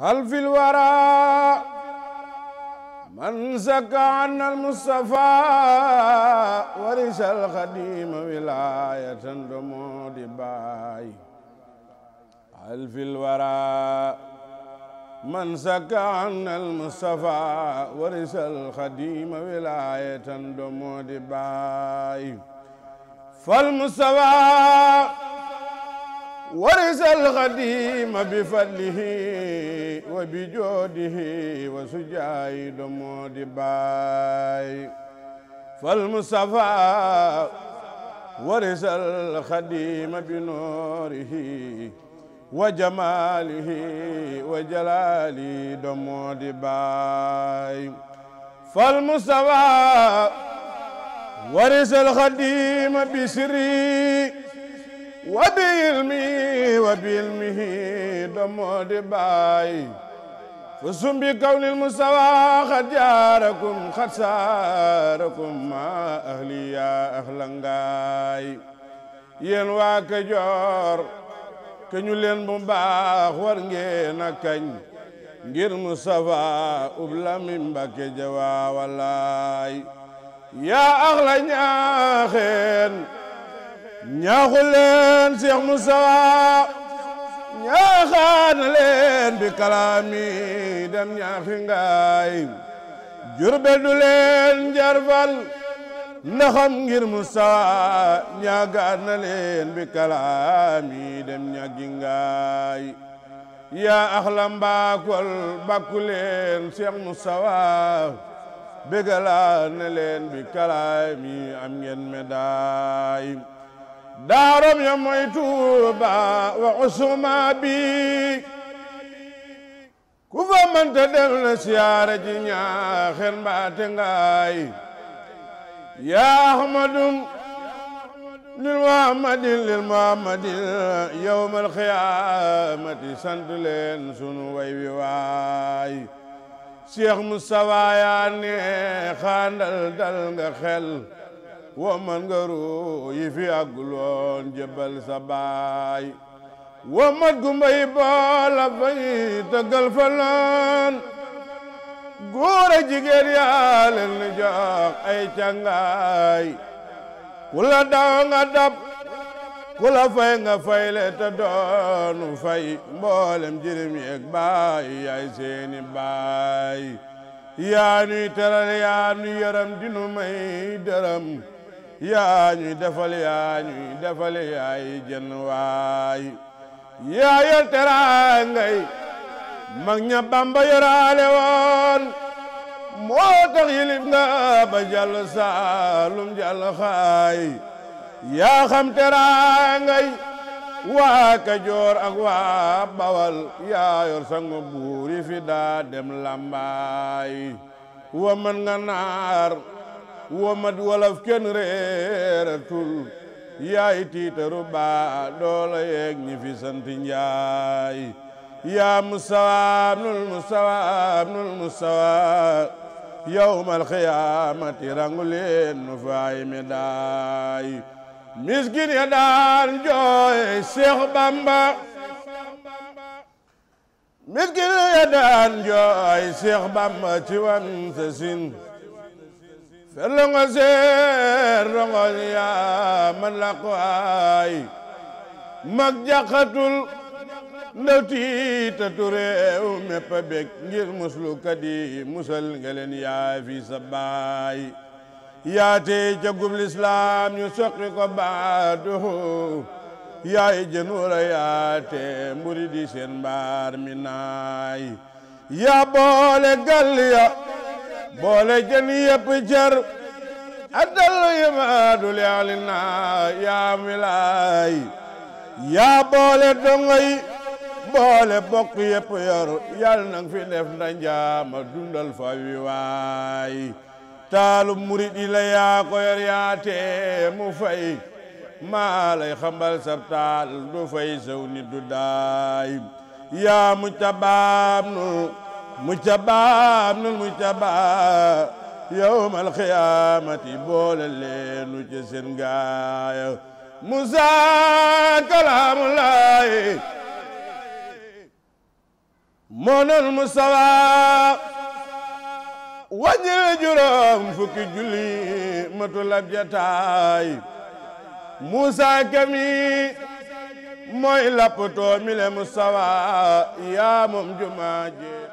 هل في الورى من زكى عنا المصطفى ورث القديم ولاية دمود باي هل في الورى من زكى عنا المصطفى ورث القديم ولاية دمود باي فالمصطفى warisa alxadima bi fadlihi wa bi joodihi wa sujaayi domo di baay fal mustafa warisa alxadima bi wa bi ilmi wa bi ilmihi domoo di bàyyi fu sumbi kawnil musawa xat jaarakum xat saarakum ma ahli ya ahlangaay yéen waa Kajoor ke ñu leen bu baax war ngeen kañ ngir musawa ubla mi wa jawaa walaay yaa ahla ñaaxeen ñaaxul leen Cheikh Moussa ñaaxaan leen bi kalaami dem ñaaxi ngaay Jurbel du leen njarfal ndaxam ngir Moussa ñaagaan leen bi kalaami dem ñaagi ngaay yaa axla mbaakol bakku leen Cheikh Moussa bégalaa na leen bi kalaami am ngeen médaille daarom ya Tuuba wa usuma bi ku fa manta dem na siyaara ji ñaaxen mbaate ngaay yaa ahmadum lil muhammadin lil muhammadin yawmal qiyaamati sant leen sunu way wi waay Cheikh Moustapha yaa ne nga xel wo man nga ru yi fi àgguloon jëbal sa baay wo mat gumba yi boola fay tëggal fa loon góor a jigéen yaa ay càngaay ku la daw nga dab ku la fay nga fay le doonu fay mboolem jirim yeeg baay yaay seeni baay yaa nuy teral yaa nuy yaram dinu may dërëm yaa ñuy defal yaa ñuy defal yaay jën waay yaa yor teraangay mag ña Bamba yoraale woon moo tax yilif nga ba jàll saalum jàll xaay yaa xam teraangay waa Kajoor ak waa Bawal yaa yor sangu buuri fi daa dem lambaay wa mën nga naar womat wolof kenn reeratul yaay tiitaru baa doola yeeg ñi fi njaay yaa musawaab nul musawaab nul musawaab yawmal xiyaamati rangu leen nu faay mi daay miskin ya daan jooy Seex Bamba miskin ya daan jooy Seex Bamba ci wan sa sin fellongo seer rongo yaa man la ko ay mag jàqatul ndaw tiita turéew mépp a bég ngir muslukat yi musal nga leen yaa fi sa baay yaatee jagub lislaam ñu soqi ko baaduhu yaay jënuura yaatee mburi di seen mbaar mi naay yaa boole gal boole jën yëpp cër addalu yamaadu li alina yaa milaay yaa boole dongo yi boole bokk yëpp yor yal nang fi def nda njaama dundal fa wi waay taalu murid yi la yaa ko yor yaa tee mu fay xambal sab taal du fay sew nit du daay yaa mu tabaam nu mujtaba ibnul mujtaba yawmal qiyaamati boole leenu ci gaaya Musa kalaamullaahi moonal musawa wàññil juróom fukki julli matul ab jataay Musa kami mooy lappatoo mi le musawa yaa moom jumaaje